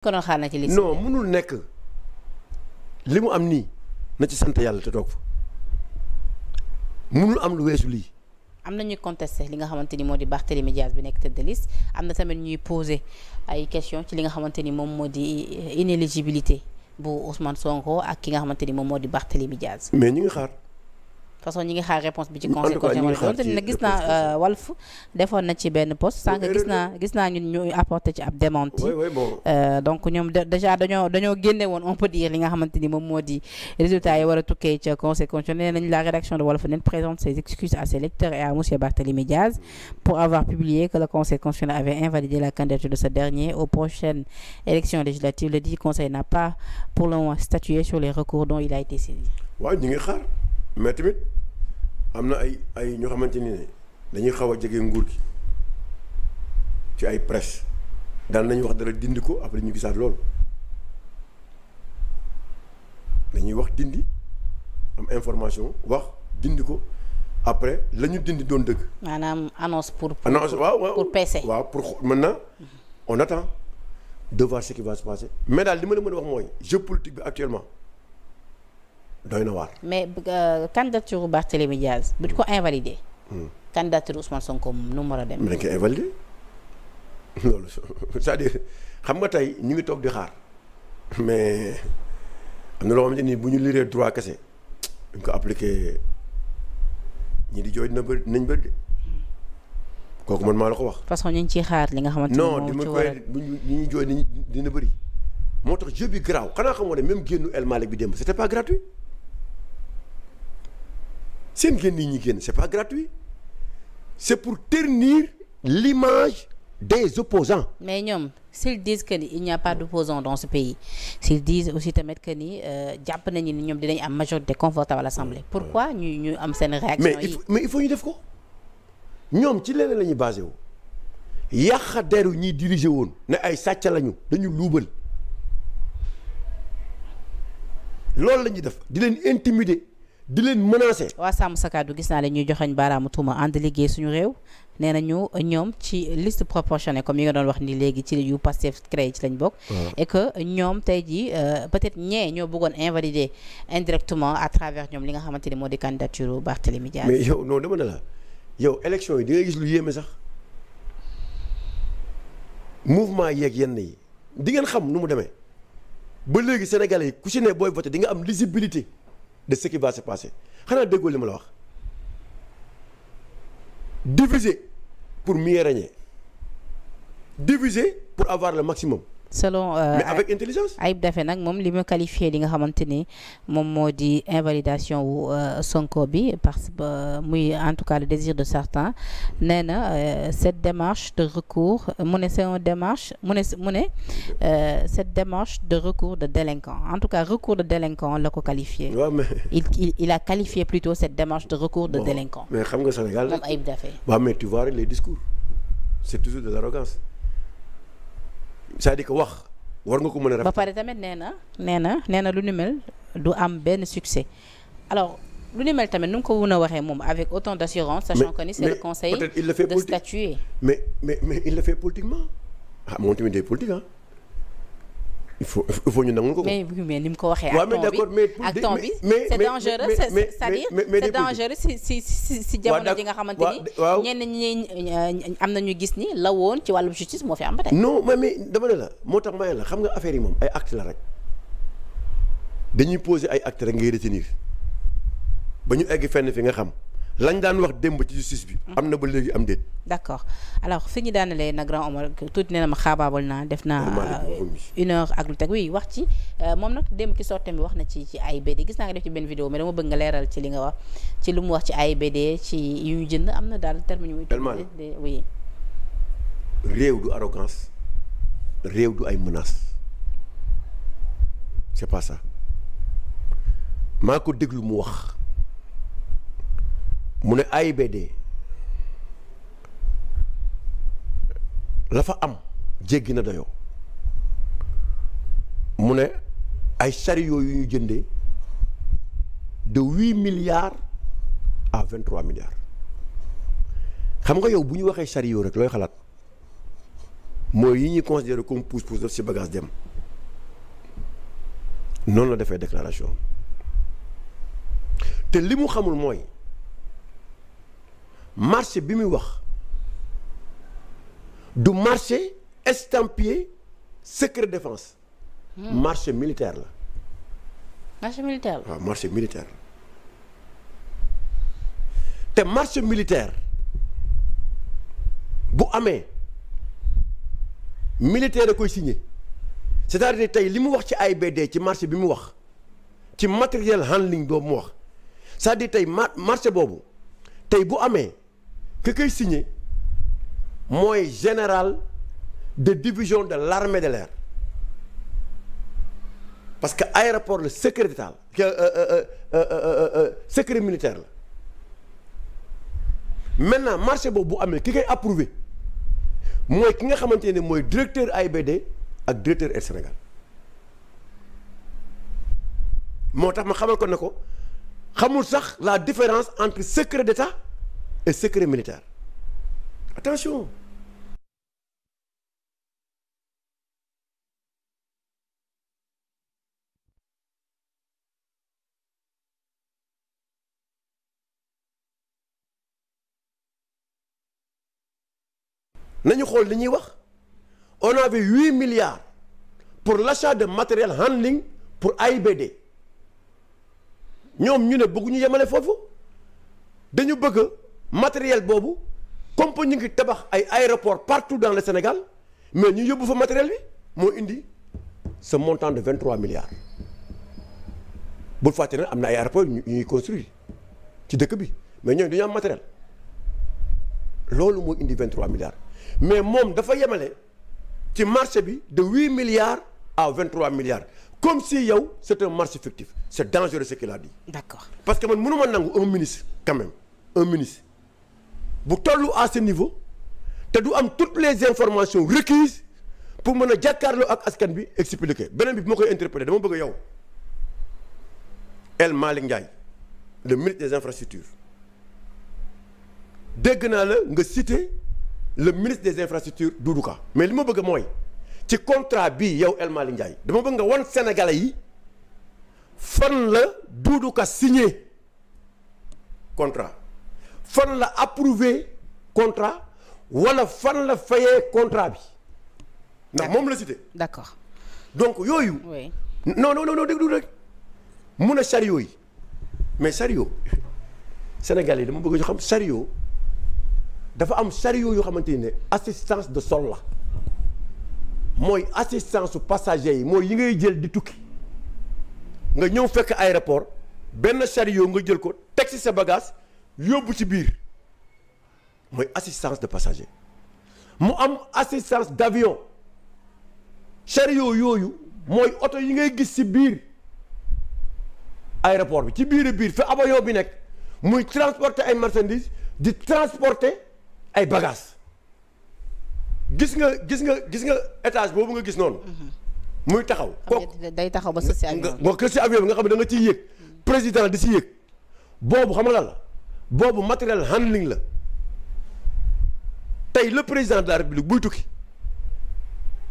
konoon na ci liste non mënul nekk li mu am nii na ci sant yàlla te toog fa mënul am lu weesu lii. am na ñuy contesté li nga xamante ni moo di Barthélémy Dias bi nekk tête de am na tamit ñuy posé ay question ci li nga xamante ni moom moo di euh, inéligibilité bu Ousmane Sonko ak ki nga xamante ni moom moo di Barthélémy Dias. mais ñu ngi xaar. façon ñi ngi xaar réponse bi ci conseil constitutionnel na gis naa euh, Walf defoon na ci benn poste sànq gis naa gis naa ñun ñu apporté ci ab démenti euh, donc ñoom déjà dañoo dañoo woon on peut dire li nga xamante ni moom moo di résultat yi war a tukkee ca conseil constitutionnel nee nañ la rédaction de Walf Net présente ses excuses à ses lecteurs et à monsieur Barthélémy Diaz pour avoir publié que le conseil constitutionnel avait invalidé la candidature de ce dernier aux prochaines mais tamit am na ay ay ñoo xamante ni ne dañuy xaw a jege nguur gi ci ay presse daan nañu wax dara dindi ko après ñu gisaat loolu dañuy wax dindi am information wax dindi ko après la ñu dindi doon dëgg. maanaam annonce pour. annonce waaw waaw pour PC. waaw pour maintenant on attend de voir ce qui va passer mais daal li ma la mën a wax mooy jeu politique bi actuellement. doy na waar. mais euh, candidature baax Diaz bu ñu ko invalider. Hmm. candidature Ousmane Sonko nu mu war a dem. dañ koy invalider loolu c'est-à-dire xam nga tey ñu ngi toog di xaar mais am na loo ne nii bu ñu liree droit kese duñ ko appliquer ñi di jooy dina bëri dinañ bëri de kooku man maa la ko wax. parce que ñu ngi ciy xaar li nga xamante ni non di ma koy bu ñu dina bëri moo tax jeu bi garaaw xanaa xamoo ne même génnu El Malick bi démb c'était pas gratuit. seen génn yi ñuy génn c'est pas gratuit c'est pour ternir l'image des opposants mais ñoom s'ils disent que ni il n'y a pas d'opposants dans ce pays s'ils disent aussi tamit que ni euh, jàpp nañu ni ñoom dinañ am majorité confortable à l'Assemblée pourquoi ñu ñu am seen réaction yi mais il faut ñu def ko ñoom ci leneen lañu ñuy basé wu yàq deru ñiy diriger woon ne ay sàcc lañu dañu luubal loolu la ñuy def di leen intimider di leen menacer. waa sàmm sa kàddu gis naa la ñuy joxeñ baaraamu tuuma ànd liggéey suñu réew nee ñu ñoom ci list proportionnelle comme yi nga doon wax ni léegi ci yu Pastef créé ci lañ bokk. et que ñoom tey jii euh, peut-être ñee ñoo bëggoon invalider indirectement à travers ñoom li nga xamante ni moo di candidature Barthélémy Dias. mais yow non dama ne la yow élection yi di nga gis lu yéeme sax mouvement yeeg yenn yi di ngeen xam nu mu demee ba léegi Sénégalais yi ku si ne booy voté di nga am de ce qui va se passer xanaa déggoo li ma la wax diviser pour mieux régner pour avoir le maximum selon euh, mais avec intelligence Ayib Daffé nag moom li ma qualifié li nga xamante ni moom moo di invalidation wu euh, Sonko bi parce que euh, muy en tout cas le désir de certains nee na cette démarche de recours mu ne c'est une démarche mu ne mu ne cette démarche de recours de délinquant en tout cas recours de délinquant la ko qualifié il il a qualifié plutôt cette démarche de recours de délinquant mais xam nga Sénégal moom Ayib Daffé de l'arrogance c'est-à-dire que wax war nga ko mën a. ba pare tamit nee na nee na nee na lu numel du am benn succès alors lu ni mel tamit nu mu ko mën a waxee moom avec autant d' assurance. sachant que le conseil de statuer mais mais mais il le fait politiquement ah moom tamit day politique il faut il faut ñu nangul ko. mais mais ni mu ko waxee. ak temps bi ak temps bi c'est dangereux c'est-à-dire si si si si ji nga xamante ni. waaw ñenn ñi am na ñu gis ni la woon ci wàllu justice moo fi am ba tey. non mais mais dama ne la moo tax ma la xam nga affaire yi moom ay acte la rek dañuy poser ay acte rek ngay retenir ba ñu egg fenn fi nga xam. lañ daan wax démb ci justice bi. Mm. am na ba léegi am déet. d' accord alors fi ñu daanalee nag grand Omar tuuti nee na ma xaabaabal naa def naa. Euh, une heure ak lu teg oui wax ci euh, moom nag démb ki sortem bi wax na ci ci AIBD gis naa nga def ci benn vidéo mais dama bëgg nga leeral ci li nga wax ci lu mu wax ci ay AIBD ci yu ñu jënd am na daal terme ñu. tellement oui. réew du arrogance réew du ay menaces maa ko déglu mu wax. mu ne AIBD la fa am jéggi na dayoo mu ne ay chariot yu ñu jëndee de huit milliards à vingt trois milliards xam nga yow bu ñu waxee chariot rek looy xalaat mooy yi ñuy considéré comme pousse-pousse def ci bagage dem noonu la defee déclaration te li mu xamul mooy. marché bi muy wax du marché estampillé secret défense. Mmh. marché militaire la. marché militaire la marché militaire te marché militaire bu amee militaire da koy signé c'est-à-dire tey li mu wax ci ay AIBD ci marché bi mu wax ci matériel handling boobu mu wax cest à tey marché boobu tey bu amee. ki koy signé mooy général de division de l'armée de l'air parce que aéroport le secret vital euh, euh, euh, secret militaire la maintenant marché boobu bu amee ki koy approuvé mooy ki nga xamante ne mooy directeur AIBD ak directeur Air Sénégal moo tax ma xamal ko ne ko xamul sax la différence entre secret d'État et secret militaire attention nañu xool li ñuy wax on avait huit milliards pour l'achat de matériel handling pour AIBD ñoom ñu ne bëgguñu yemale foofu dañu bëgg matériel boobu comme que ñu ngi tabax ay aéroport partout dans le Sénégal mais ñu yóbbu fa matériel bi moo indi ce montant de 23 milliards bul fàtte ne am na ay aéroport ñu ñuy construire ci dëkk bi mais ñooñu dañu am matériel loolu moo indi 23 milliards mais moom dafa yemale ci marché bi de 8 milliards à 23 milliards comme si yow c'est un marché fictif c'est dangereux ce qu'il a dit. d'accord parce que man mënuma nangu un ministre quand un ministre. bu tollu à ce niveau te du am toutes les information requises pour mën a jàkkaarloo ak askan bi expliquer beneen bi bu ma koy interpeller dama bëgg yow El Malick Ndiaye le ministre des infrastructures dégg naa la nga cité le ministre des infrastructures Doudou Ka mais li ma bëgg mooy ci contrat bi yow El Malick Ndiaye dama bëgg nga wan sénégalais yi fan la Doudou Ka contrat fan la approuver contrat wala fan la fayee contrat bi. ndax moom la cité. d'accord donc yooyu. oui non non non déglu rek mun a chariot yi mais chariot Sénégal yi dama bëgg ñu xam chariot dafa am chariot yoo xamante ne assistance de sol la mooy assistance su passager yi mooy yi ngay jël di tukki nga ñëw fekk aéroport benn chariot nga jël ko teg si sa bagage. yóbbu ci biir mooy assistance de passager mu am assistance d'avion chariot yooyu mooy oto yi ngay gis ci biir aéroport bi ci biir biir fi avion bi nekk muy transporter ay marchandises di transporter ay bagages gis nga gis nga gis nga étage boobu nga gis noonu. Mm-hmm. muy taxaw kooku day taxaw ba social. nga nga kër si avion bi nga xam ne danga nga ciy yéeg. président di si yéeg boobu xam nga lan la. boobu matériel handling la tey le président de la république buy tukki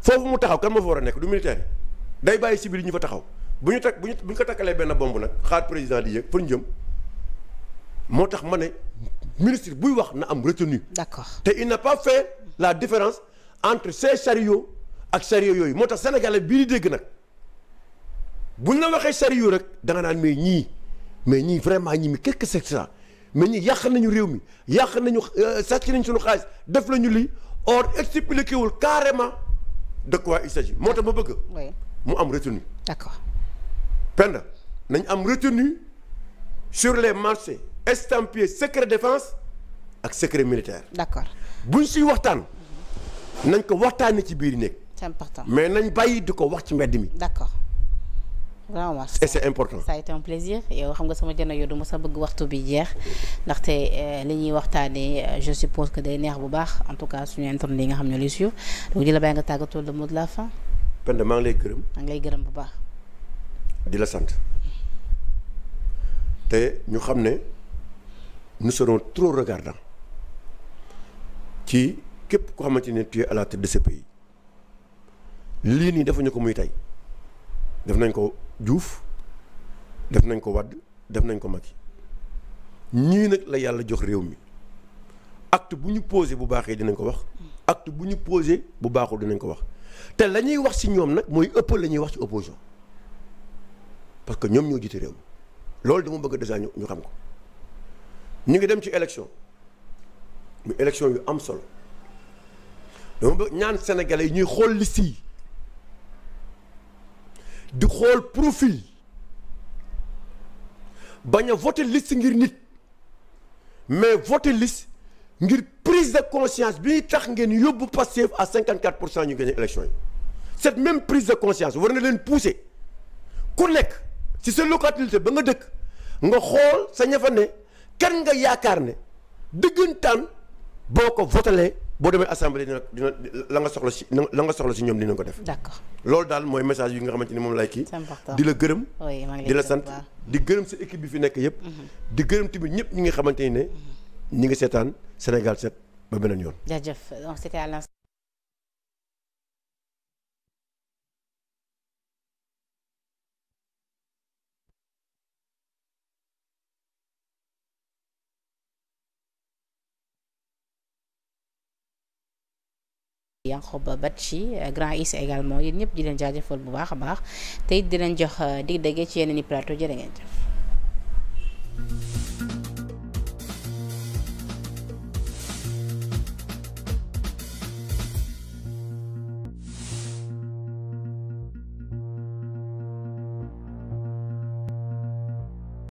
foofu mu taxaw kan ma fa war a nekk du militaire day bàyyi civil yi ñu fa taxaw bu ñu takk bu ñu ko takkalee benn bomb nag xaar président di yëg fa ñu moo tax ma ne ministre buy wax na am retenu d'accord te il n'a pas fait la différence entre ces chariots ak chariot yooyu moo tax sénégalais bii di dégg nag buñ la waxee chariot rek da nga naan ñii mais ñii vraiment ñii mi qu'est-ce que mais ñi yàq nañu réew mi yàq nañu euh, sàcc nañu suñu xaalis def nañu lii or expliqué wul carrément de quoi il s'agit moo tax ma bëgg. mu am retenue. d'accord. Penda nañ am retenue sur les marchés estampillés secret défense ak secret militaire. d'accord buñ siy waxtaan nañ ko waxtaan waxtaanee ci biir néeg. c'est important mais nañ bàyyi di ko wax ci mbedd mi. d'accord. waaw Omar et c'est important. ça a été plaisir yow euh, xam nga sama jëna yow du ma sax bëgg waxtu bi jeex ndaxte euh, li ñuy waxtaanee euh, je suppose que day neex bu baax en tout cas suñu internet yi nga xam ne luy suivre donc di la bàyyi nga tàggatoo le mot de la fin. Penda maa lay gërëm. maa ngi lay bu baax. la sant te ñu xam ne nous serons trop regardants ci képp koo xamante ne tu es à de ce pays lii nii defuñu ko muy tey. def nañ ko juuf def nañ ko Wade def nañ ko Macky ñii nag la yàlla jox réew mi act bu ñu posé bu baaxee dinañ ko wax act bu ñu posé bu baaxul dinañ ko wax te la ñuy wax ci ñoom nag mooy ëpp la ñuy wax ci opposition parce que ñoom ñoo jiite réew mi loolu dama bëgg déjà ñu ñu xam ko ñu ngi dem ci élection mu élection yu am solo dama bëgg ñaan sénégalais yi ñuy xool liste di xool profil bañ a voté liste ngir nit mais voté liste ngir prise de conscience bi tax ngeen yóbbu Pastef à 54 pour cent ñu gagné élection yi cette même prise de conscience war na leen pousser ku nekk si sa localité ba nga dëkk nga xool sa ñafane ne nga yaakaar ne dëggantaan boo ko votalee boo demee assemblée dina dina soxla si la nga ñoom dinañ ko def. d'accord loolu daal mooy message yi nga xamante ni moom laay kii. di la gërëm. di la sant di gërëm sa équipe bi fi nekk yëpp. Mm-hmm. di gërëm tamit ñëpp ñi nga xamante ni ne. Mm-hmm. ñi ngi seetaan Sénégal set ba beneen yoon. jaajëf donc c'était ba Batchi euh, grand is également yéen ñëpp di leen jaajëfal bu baax a baax te it di leen jox euh, dig dëgg ci yenn i plateau jërë ngeen jëf